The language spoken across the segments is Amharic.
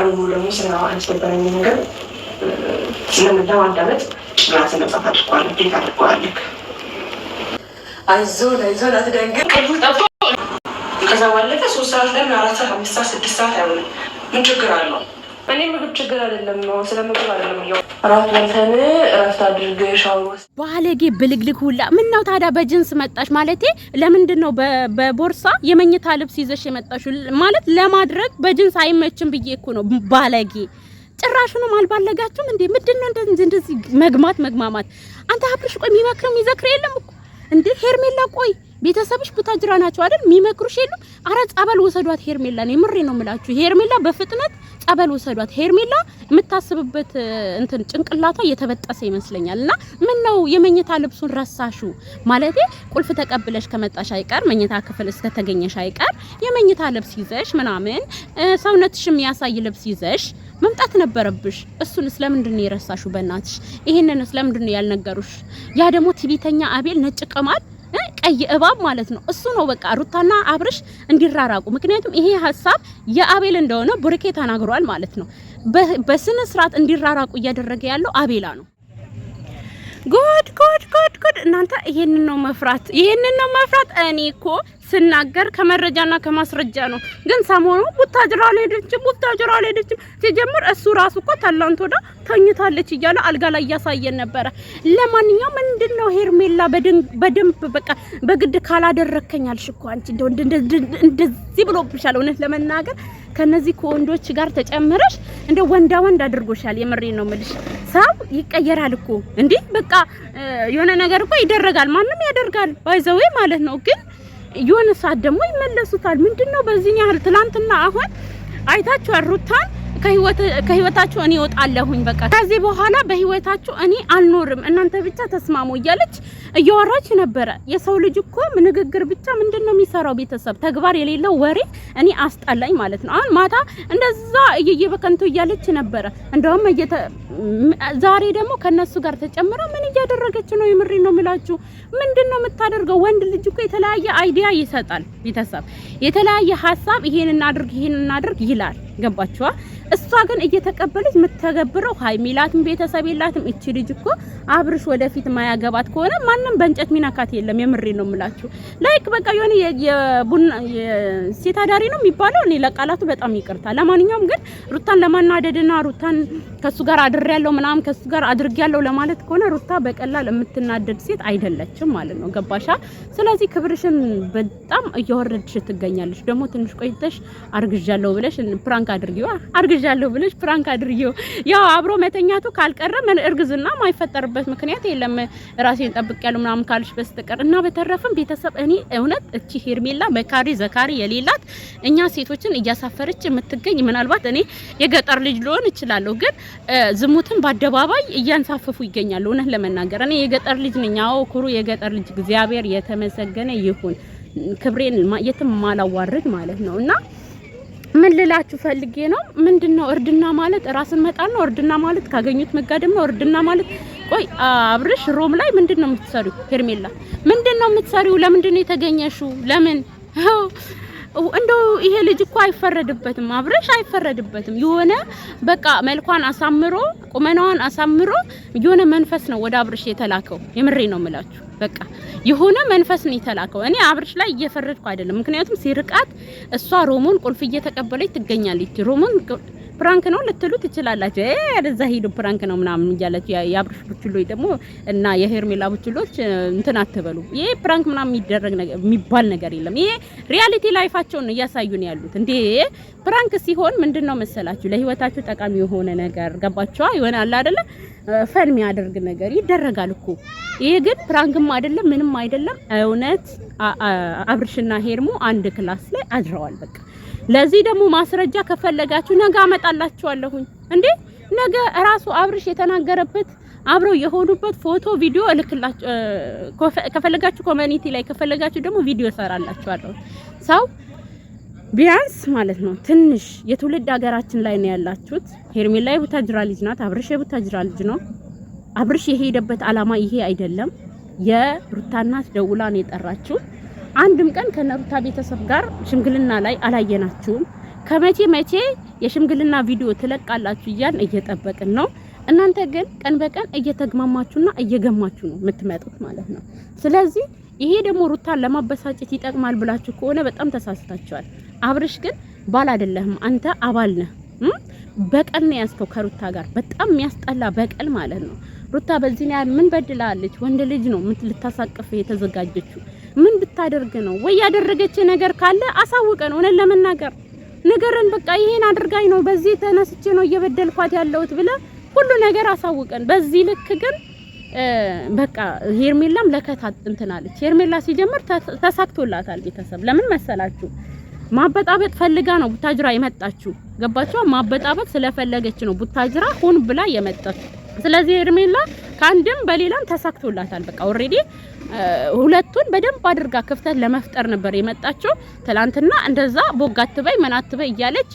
ቀን ሙሉ ደግሞ ስራ አስገበረኝ ነገር ለማዳመጥ ራስ መጻፍ አድርጓል፣ እንዴት አድርጓል። አይዞን አይዞን አትደንግጥ። ከዛ ባለፈ ሶስት ሰዓት ለምን አራት ሰዓት አምስት ሰዓት ስድስት ሰዓት አይሆንም። ምን ችግር አለው? እኔ ምግብ ችግር አይደለም፣ ስለ ምግብ አይደለም። ያው በልተን እረፍት አድርገ ሻወር ባለጌ ብልግልግ ሁላ። ምን ነው ታዲያ በጅንስ መጣሽ ማለቴ? ለምንድን ነው በቦርሳ የመኝታ ልብስ ይዘሽ የመጣሽ ማለት? ለማድረግ በጅንስ አይመችም ብዬ እኮ ነው። ባለጌ ጭራሹንም አልባለጋችሁም እንዴ? ምንድን ነው እንደዚህ መግማት መግማማት? አንተ አብርሽ ቆይ፣ የሚመክርም ይዘክር የለም እኮ እንዴ ሄርሜላ ቆይ ቤተሰብሽ ቡታጅራ ናቸው አይደል? የሚመክሩሽ የሉም? አረ ጸበል ወሰዷት ሄርሜላን። ምሬ ነው የምላችሁ ሄርሜላ በፍጥነት ጸበል ወሰዷት። ሄርሜላ የምታስብበት እንትን ጭንቅላቷ እየተበጠሰ ይመስለኛል። እና ምን ነው የመኝታ ልብሱን ረሳሹ? ማለቴ ቁልፍ ተቀብለሽ ከመጣሽ አይቀር መኝታ ክፍል እስከተገኘሽ አይቀር የመኝታ ልብስ ይዘሽ ምናምን ሰውነትሽ የሚያሳይ ልብስ ይዘሽ መምጣት ነበረብሽ። እሱን ስለምንድን ነው የረሳሹ? በእናትሽ ይሄንን ስለምንድን ነው ያልነገሩሽ? ያ ደግሞ ትዕቢተኛ አቤል ነጭ ቅማል ቀይ እባብ ማለት ነው። እሱ ነው በቃ ሩታና አብርሽ እንዲራራቁ። ምክንያቱም ይሄ ሀሳብ የአቤል እንደሆነ ቡርኬ ተናግሯል ማለት ነው። በስነ ስርዓት እንዲራራቁ እያደረገ ያለው አቤላ ነው። ጉድ ጉድ ጉድ ጉድ! እናንተ ይሄንን ነው መፍራት፣ ይሄንን ነው መፍራት። እኔ እኮ ስናገር ከመረጃና ከማስረጃ ነው። ግን ሰሞኑ ቡታጅራ አልሄደችም፣ ቡታጅራ አልሄደችም። ሲጀምር እሱ ራሱ እኮ ታላንት ወዳ ተኝታለች እያለ አልጋ ላይ እያሳየን ነበረ። ለማንኛውም ምንድን ነው ሄርሜላ በደንብ በቃ በግድ ካላደረከኛል ሽኮ እኮ አንቺ እንደዚህ ብሎብሻል። እውነት ለመናገር ከነዚህ ከወንዶች ጋር ተጨምረሽ እንደ ወንዳ ወንድ አድርጎሻል። የምሬ ነው ምልሽ። ሰው ይቀየራል እኮ እንዲህ በቃ የሆነ ነገር እኮ ይደረጋል። ማንም ያደርጋል ባይዘዌ ማለት ነው ግን የሆነ ሰዓት ደግሞ ይመለሱታል። ምንድን ነው በዚህ ያህል ትናንትና አሁን አይታችሁ ሩታን ከህይወታችሁ እኔ እወጣለሁኝ፣ በቃ ከዚህ በኋላ በህይወታችሁ እኔ አልኖርም፣ እናንተ ብቻ ተስማሙ እያለች እያወራች ነበረ። የሰው ልጅ እኮ ንግግር ብቻ ምንድን ነው የሚሰራው? ቤተሰብ ተግባር የሌለው ወሬ እኔ አስጠላኝ ማለት ነው። አሁን ማታ እንደዛ እየየ በከንቱ እያለች ነበረ። እንደውም ዛሬ ደግሞ ከነሱ ጋር ተጨምረ ምን እያደረገች ነው? የምሬ ነው የምላችሁ። ምንድን ነው የምታደርገው? ወንድ ልጅ እኮ የተለያየ አይዲያ ይሰጣል ቤተሰብ፣ የተለያየ ሀሳብ፣ ይሄን እናድርግ ይሄን እናድርግ ይላል ገባችዋ። እሷ ግን እየተቀበለች የምትተገብረው ሀይሚ ላትም ቤተሰብ የላትም። እቺ ልጅ እኮ አብርሽ ወደፊት ማያገባት ከሆነ ማንም በእንጨት ሚናካት የለም። የምሬ ነው የምላችሁ። ላይክ በቃ የሆነ የቡና ሴት አዳሪ ነው የሚባለው። እኔ ለቃላቱ በጣም ይቅርታ። ለማንኛውም ግን ሩታን ለማናደድና ሩታን ከሱ ጋር ያለው ምናምን ከሱ ጋር ያለው ለማለት ከሆነ ሩታ በቀላል የምትናደድ ሴት አይደለችም ማለት ነው። ገባሻ? ስለዚህ ክብርሽን በጣም እየወረድሽ ትገኛለሽ። ደግሞ ትንሽ ቆይተሽ አርግዣለሁ ብለሽ ፕራንክ አድርጊው፣ አርግዣለሁ ብለሽ ፕራንክ አድርጊው። ያው አብሮ መተኛቱ ካልቀረ እርግዝና ማይፈጠርበት ምክንያት የለም። ራሴን ጠብቄያለሁ ምናምን ካልሽ በስተቀር እና በተረፈም ቤተሰብ እኔ እውነት እቺ ሄርሜላ መካሪ ዘካሪ የሌላት እኛ ሴቶችን እያሳፈረች የምትገኝ ምናልባት እኔ የገጠር ልጅ ልሆን እችላለሁ፣ ግን ዝሙትን በአደባባይ እያንሳፈፉ ይገኛሉ። እውነት ለመናገር እኔ የገጠር ልጅ ነኝ። አዎ ኩሩ የገጠር ልጅ እግዚአብሔር የተመሰገነ ይሁን። ክብሬን የትም ማላዋርድ ማለት ነው እና ምን ልላችሁ ፈልጌ ነው፣ ምንድነው እርድና ማለት ራስን መጣል ነው። እርድና ማለት ካገኙት መጋደም ነው። እርድና ማለት ቆይ አብርሽ ሮም ላይ ምንድነው የምትሰሪው? ሄርሜላ ምንድነው የምትሰሪው? ለምንድን የተገኘሽው? ለምን እንደው ይሄ ልጅ እኮ አይፈረድበትም፣ አብርሽ አይፈረድበትም። የሆነ በቃ መልኳን አሳምሮ ቁመናዋን አሳምሮ የሆነ መንፈስ ነው ወደ አብርሽ የተላከው። የምሬ ነው የምላችሁ። በቃ የሆነ መንፈስ ነው የተላከው። እኔ አብርሽ ላይ እየፈረድኩ አይደለም፣ ምክንያቱም ሲርቃት እሷ ሮሞን ቁልፍ እየተቀበለች ትገኛለች። ሮሞን ፕራንክ ነው ልትሉ ትችላላችሁ። አደዛ ሄዱ ፕራንክ ነው ምናምን እያላችሁ የአብርሽ ቡችሎች ደግሞ እና የሄርሜላ ቡችሎች እንትን አትበሉ። ይሄ ፕራንክ ምናምን የሚደረግ የሚባል ነገር የለም። ይሄ ሪያሊቲ ላይፋቸውን ነው እያሳዩን ያሉት። እንዴ ፕራንክ ሲሆን ምንድን ነው መሰላችሁ ለህይወታችሁ ጠቃሚ የሆነ ነገር ገባችኋ? ይሆናል አይደለ ፈን የሚያደርግ ነገር ይደረጋል እኮ። ይሄ ግን ፕራንክም አይደለም ምንም አይደለም። እውነት አብርሽና ሄርሙ አንድ ክላስ ላይ አድረዋል። በቃ ለዚህ ደግሞ ማስረጃ ከፈለጋችሁ ነገ አመጣላችኋለሁኝ። እንዴ ነገ ራሱ አብርሽ የተናገረበት አብረው የሆኑበት ፎቶ ቪዲዮ እልክላችሁ። ከፈለጋችሁ ኮሚኒቲ ላይ ከፈለጋችሁ ደግሞ ቪዲዮ እሰራላችኋለሁ ሰው ቢያንስ ማለት ነው ትንሽ የትውልድ ሀገራችን ላይ ነው ያላችሁት። ሄርሜላ የቡታጅራ ልጅ ናት። አብርሽ የቡታጅራ ልጅ ነው። አብርሽ የሄደበት አላማ ይሄ አይደለም። የሩታ እናት ደውላ ነው የጠራችሁ አንድም ቀን ከነሩታ ቤተሰብ ጋር ሽምግልና ላይ አላየናችሁም። ከመቼ መቼ የሽምግልና ቪዲዮ ትለቃላችሁ እያን እየጠበቅን ነው። እናንተ ግን ቀን በቀን እየተግማማችሁና እየገማችሁ ነው የምትመጡት ማለት ነው። ስለዚህ ይሄ ደግሞ ሩታን ለማበሳጨት ይጠቅማል ብላችሁ ከሆነ በጣም ተሳስታችኋል። አብርሽ ግን ባል አይደለህም አንተ አባል ነህ። በቀል ነው ያዝከው ከሩታ ጋር በጣም የሚያስጠላ በቀል ማለት ነው። ሩታ በዚህ ላይ ምን በድላለች? ወንድ ልጅ ነው ምን ልታሳቅፍ የተዘጋጀችው? ምን ብታደርግ ነው ወይ ያደረገች ነገር ካለ አሳውቀን፣ እውነት ለመናገር ነገርን በቃ ይሄን አድርጋኝ ነው በዚህ ተነስቼ ነው እየበደልኳት ያለሁት ብለ ሁሉ ነገር አሳውቀን። በዚህ ልክ ግን በቃ ሄርሜላም ለከት እንትናለች። ሄርሜላ ሲጀምር ተሳክቶላታል። ቤተሰብ ለምን መሰላችሁ? ማበጣበጥ ፈልጋ ነው ቡታጅራ የመጣችሁ? ገባችኋ? ማበጣበጥ ስለፈለገች ነው ቡታጅራ ሆን ብላ የመጣችው። ስለዚህ ሄርሜላ ከአንድም በሌላም ተሳክቶላታል። በቃ ኦልሬዲ ሁለቱን በደንብ አድርጋ ክፍተት ለመፍጠር ነበር የመጣችው። ትላንትና እንደዛ ቦግ አትበይ ምን አትበይ እያለች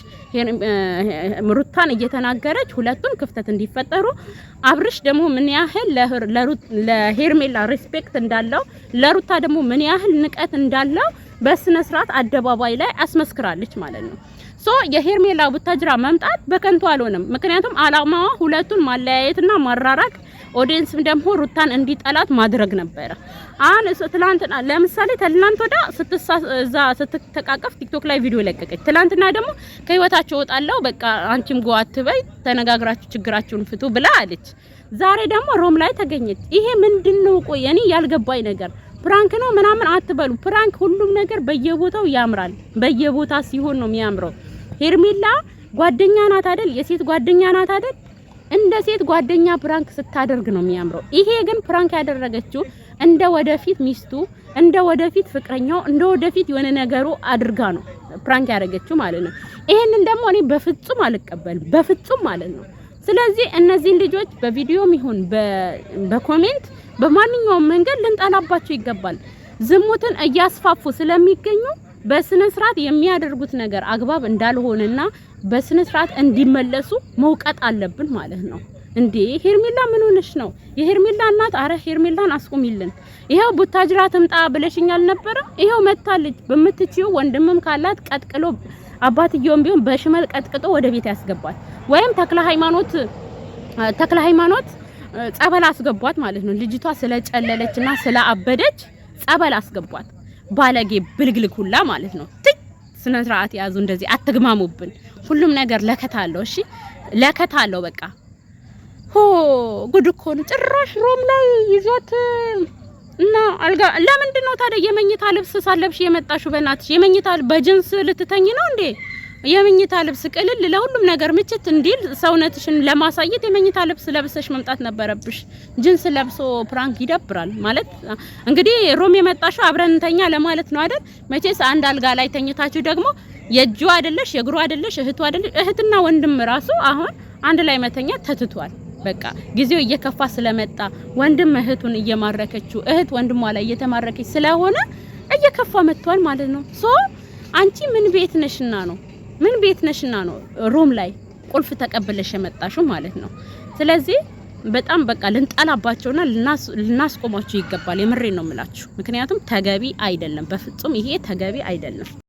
ሩታን እየተናገረች ሁለቱን ክፍተት እንዲፈጠሩ አብርሽ ደግሞ ምን ያህል ለሄርሜላ ሪስፔክት እንዳለው ለሩታ ደግሞ ምን ያህል ንቀት እንዳለው በስነ ስርዓት አደባባይ ላይ አስመስክራለች ማለት ነው። ሶ የሄርሜላ ቡታጅራ መምጣት በከንቱ አልሆነም። ምክንያቱም አላማዋ ሁለቱን ማለያየትና ማራራቅ ኦዲየንስም ደግሞ ሩታን እንዲጠላት ማድረግ ነበረ። አሁን ትላንትና ለምሳሌ ትላንት ወዳ እዛ ስትተቃቀፍ ቲክቶክ ላይ ቪዲዮ ለቀቀች። ትላንትና ደግሞ ከህይወታቸው እወጣለሁ በቃ አንቺም ጎ አትበይ፣ ተነጋግራችሁ ችግራችሁን ፍቱ ብላ አለች። ዛሬ ደግሞ ሮም ላይ ተገኘች። ይሄ ምንድነው? ቆይ እኔ ያልገባኝ ነገር ፕራንክ ነው ምናምን አትበሉ። ፕራንክ ሁሉም ነገር በየቦታው ያምራል። በየቦታ ሲሆን ነው የሚያምረው። ሄርሜላ ጓደኛ ናት አይደል? የሴት ጓደኛ ናት አይደል? እንደ ሴት ጓደኛ ፕራንክ ስታደርግ ነው የሚያምረው። ይሄ ግን ፕራንክ ያደረገችው እንደ ወደፊት ሚስቱ፣ እንደ ወደፊት ፍቅረኛው፣ እንደ ወደፊት የሆነ ነገሩ አድርጋ ነው ፕራንክ ያደረገችው ማለት ነው። ይሄንን ደግሞ እኔ በፍጹም አልቀበልም፣ በፍጹም ማለት ነው። ስለዚህ እነዚህን ልጆች በቪዲዮም ይሁን በኮሜንት በማንኛውም መንገድ ልንጠላባቸው ይገባል። ዝሙትን እያስፋፉ ስለሚገኙ በስነ ስርዓት የሚያደርጉት ነገር አግባብ እንዳልሆነና በስነ ስርዓት እንዲመለሱ መውቀጥ አለብን ማለት ነው። እንዴ ሄርሜላ ምን ሆነሽ ነው? የሄርሜላ እናት አረ ሄርሜላን አስቁሚልን። ይሄው ቡታጅራ ትምጣ ብለሽኛል ነበረ። ይሄው መታለች። በምትችይው ወንድምም ካላት ቀጥቅሎ አባትየውም ቢሆን በሽመል ቀጥቅጦ ወደ ቤት ያስገባት ወይም ተክለ ሃይማኖት ተክለ ሃይማኖት ጸበል አስገቧት ማለት ነው። ልጅቷ ስለጨለለችና ስለአበደች ጸበል አስገቧት። ባለጌ ብልግልግ ሁላ ማለት ነው። ትይ ስነ ስርዓት ያዙ። እንደዚህ አትግማሙብን። ሁሉም ነገር ለከት አለው። እሺ ለከት አለው። በቃ ሆ ጉድ እኮ ነው። ጭራሽ ሮም ላይ ይዞት እና አልጋ ለምንድን ነው ታዲያ የመኝታ ልብስ ሳለብሽ የመጣሽው? በእናትሽ የመኝታ በጅንስ ልትተኝ ነው እንዴ? የመኝታ ልብስ ቅልል ለሁሉም ነገር ምችት እንዲል ሰውነትሽን ለማሳየት የመኝታ ልብስ ለብሰሽ መምጣት ነበረብሽ። ጅንስ ለብሶ ፕራንክ ይደብራል ማለት እንግዲህ። ሮም የመጣሽው አብረን እንተኛ ለማለት ነው አይደል? መቼስ አንድ አልጋ ላይ ተኝታችሁ ደግሞ የእጁ አይደለሽ የእግሩ አይደለሽ እህቱ አይደለሽ እህትና ወንድም ራሱ አሁን አንድ ላይ መተኛ ተትቷል። በቃ ጊዜው እየከፋ ስለመጣ ወንድም እህቱን እየማረከችው እህት ወንድሟ ላይ እየተማረከች ስለሆነ እየከፋ መጥቷል ማለት ነው። ሶ አንቺ ምን ቤት ነሽና ነው ምን ቤት ነሽና ነው ሮም ላይ ቁልፍ ተቀብለሽ የመጣሽው ማለት ነው። ስለዚህ በጣም በቃ ልንጠላባቸውና ልናስቆማቸው ይገባል። የምሬ ነው የምላችሁ። ምክንያቱም ተገቢ አይደለም፣ በፍጹም ይሄ ተገቢ አይደለም።